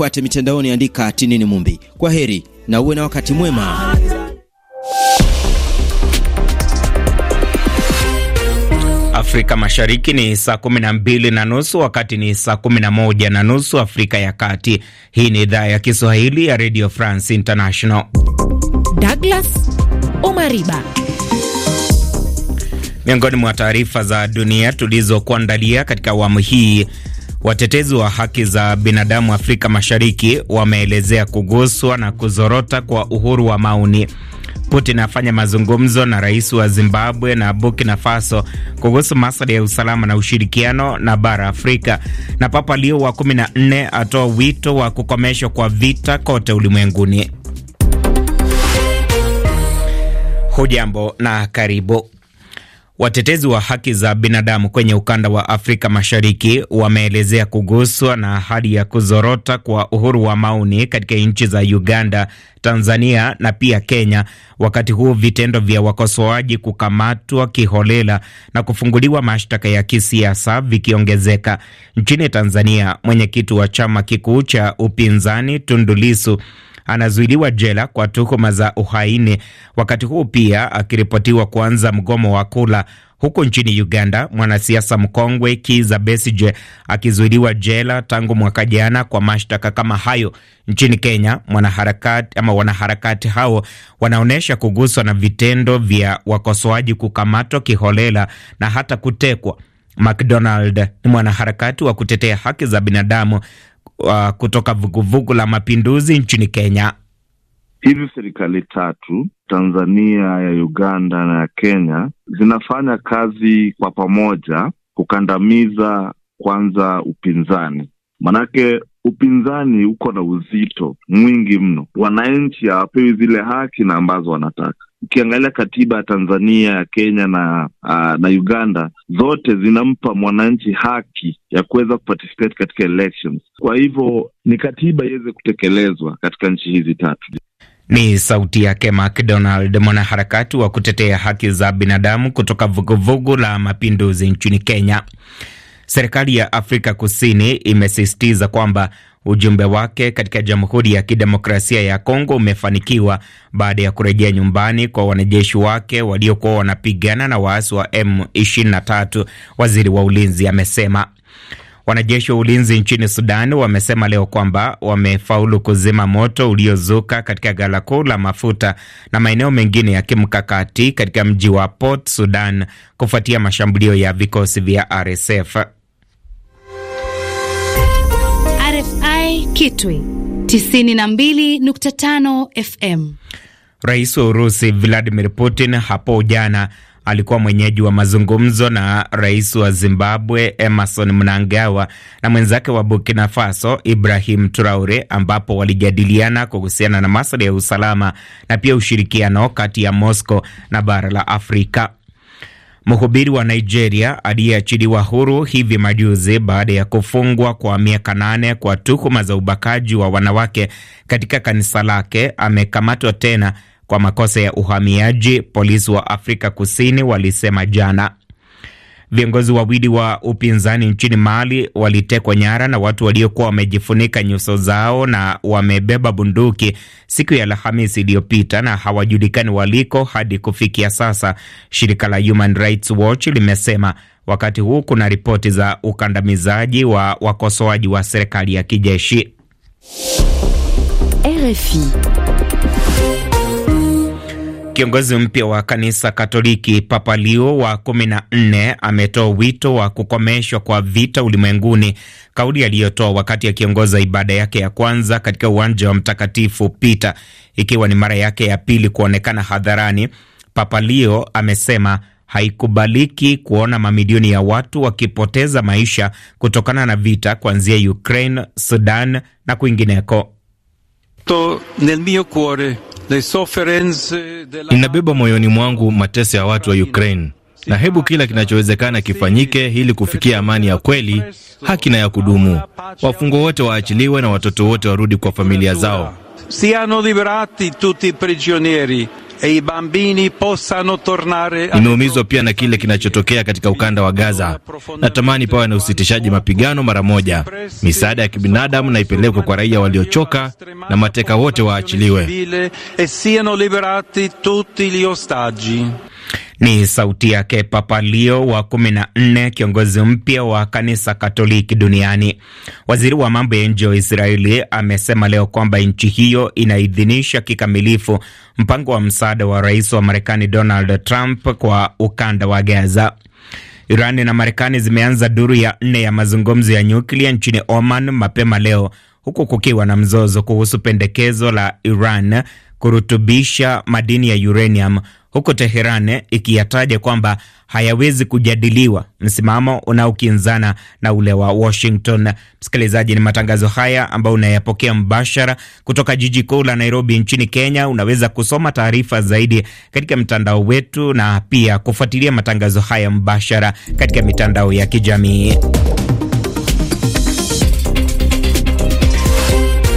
Tufuate mitandaoni, andika Tinini Mumbi. Kwa heri na uwe na wakati mwema. Afrika Mashariki ni saa kumi na mbili na nusu, wakati ni saa 11 na nusu Afrika ya Kati. Hii ni idhaa ya Kiswahili ya Radio France International. Douglas Omariba, miongoni mwa taarifa za dunia tulizokuandalia katika awamu hii Watetezi wa haki za binadamu Afrika Mashariki wameelezea kuguswa na kuzorota kwa uhuru wa maoni. Putin afanya mazungumzo na rais wa Zimbabwe na Burkina Faso kuhusu masuala ya usalama na ushirikiano na bara Afrika. Na Papa Leo wa 14 atoa wito wa kukomeshwa kwa vita kote ulimwenguni. Hujambo na karibu. Watetezi wa haki za binadamu kwenye ukanda wa Afrika Mashariki wameelezea kuguswa na hali ya kuzorota kwa uhuru wa maoni katika nchi za Uganda, Tanzania na pia Kenya, wakati huu vitendo vya wakosoaji kukamatwa kiholela na kufunguliwa mashtaka ya kisiasa vikiongezeka. Nchini Tanzania, mwenyekiti wa chama kikuu cha upinzani Tundu Lissu anazuiliwa jela kwa tuhuma za uhaini, wakati huu pia akiripotiwa kuanza mgomo wa kula. Huko nchini Uganda, mwanasiasa mkongwe Kizza Besigye akizuiliwa jela tangu mwaka jana kwa mashtaka kama hayo. Nchini Kenya, mwanaharakati ama wanaharakati hao wanaonyesha kuguswa na vitendo vya wakosoaji kukamatwa kiholela na hata kutekwa. McDonald ni mwanaharakati wa kutetea haki za binadamu uh, kutoka vuguvugu la mapinduzi nchini Kenya. Hizi serikali tatu Tanzania, ya Uganda na ya Kenya zinafanya kazi kwa pamoja kukandamiza kwanza upinzani, manake upinzani uko na uzito mwingi mno, wananchi hawapewi zile haki na ambazo wanataka. Ukiangalia katiba ya Tanzania, ya Kenya na uh, na Uganda, zote zinampa mwananchi haki ya kuweza kuparticipate katika elections. Kwa hivyo ni katiba iweze kutekelezwa katika nchi hizi tatu. Ni sauti yake Macdonald, mwanaharakati wa kutetea haki za binadamu kutoka vuguvugu la mapinduzi nchini Kenya. Serikali ya Afrika Kusini imesisitiza kwamba ujumbe wake katika Jamhuri ya Kidemokrasia ya Kongo umefanikiwa baada ya kurejea nyumbani kwa wanajeshi wake waliokuwa wanapigana na waasi wa M23, waziri wa ulinzi amesema. Wanajeshi wa ulinzi nchini Sudani wamesema leo kwamba wamefaulu kuzima moto uliozuka katika ghala kuu la mafuta na maeneo mengine ya kimkakati katika mji wa Port Sudan kufuatia mashambulio ya vikosi vya RSF. Kitwi 92.5 FM. Rais wa Urusi Vladimir Putin hapo jana alikuwa mwenyeji wa mazungumzo na rais wa Zimbabwe Emerson Mnangagwa na mwenzake wa Burkina Faso Ibrahim Traore, ambapo walijadiliana kuhusiana na masuala ya usalama na pia ushirikiano kati ya Moscow na bara la Afrika. Mhubiri wa Nigeria aliyeachiliwa huru hivi majuzi baada ya kufungwa kwa miaka nane kwa tuhuma za ubakaji wa wanawake katika kanisa lake amekamatwa tena kwa makosa ya uhamiaji, polisi wa Afrika Kusini walisema jana. Viongozi wawili wa upinzani nchini Mali walitekwa nyara na watu waliokuwa wamejifunika nyuso zao na wamebeba bunduki siku ya Alhamisi iliyopita na hawajulikani waliko hadi kufikia sasa, shirika la Human Rights Watch limesema. Wakati huu kuna ripoti za ukandamizaji wa wakosoaji wa serikali ya kijeshi. RFI. Kiongozi mpya wa kanisa Katoliki Papa Leo wa kumi na nne ametoa wito wa kukomeshwa kwa vita ulimwenguni, kauli aliyotoa wakati akiongoza ibada yake ya kwanza katika uwanja wa Mtakatifu Peter, ikiwa ni mara yake ya pili kuonekana hadharani. Papa Leo amesema haikubaliki kuona mamilioni ya watu wakipoteza maisha kutokana na vita kuanzia Ukraine, Sudan na kwingineko. to nel mio cuore Ninabeba uh, moyoni mwangu mateso ya watu wa Ukraine, na hebu kila kinachowezekana kifanyike ili kufikia amani ya kweli, haki na ya kudumu. Wafungwa wote waachiliwe na watoto wote warudi kwa familia zao. Siano liberati tutti prigionieri. E Nimeumizwa pia na kile kinachotokea katika ukanda wa Gaza. Natamani pawe na usitishaji mapigano mara moja, misaada ya kibinadamu na ipelekwe kwa raia waliochoka na mateka wote waachiliwe. Ni sauti yake Papa Leo wa kumi na nne, kiongozi mpya wa kanisa Katoliki duniani. Waziri wa mambo ya nje wa Israeli amesema leo kwamba nchi hiyo inaidhinisha kikamilifu mpango wa msaada wa rais wa Marekani Donald Trump kwa ukanda wa Gaza. iran na Marekani zimeanza duru ya nne ya mazungumzo ya nyuklia nchini Oman mapema leo huku kukiwa na mzozo kuhusu pendekezo la Iran kurutubisha madini ya uranium huku Teheran ikiyataja kwamba hayawezi kujadiliwa, msimamo unaokinzana na ule wa Washington. Msikilizaji, ni matangazo haya ambayo unayapokea mbashara kutoka jiji kuu la Nairobi nchini Kenya. Unaweza kusoma taarifa zaidi katika mtandao wetu na pia kufuatilia matangazo haya mbashara katika mitandao ya kijamii.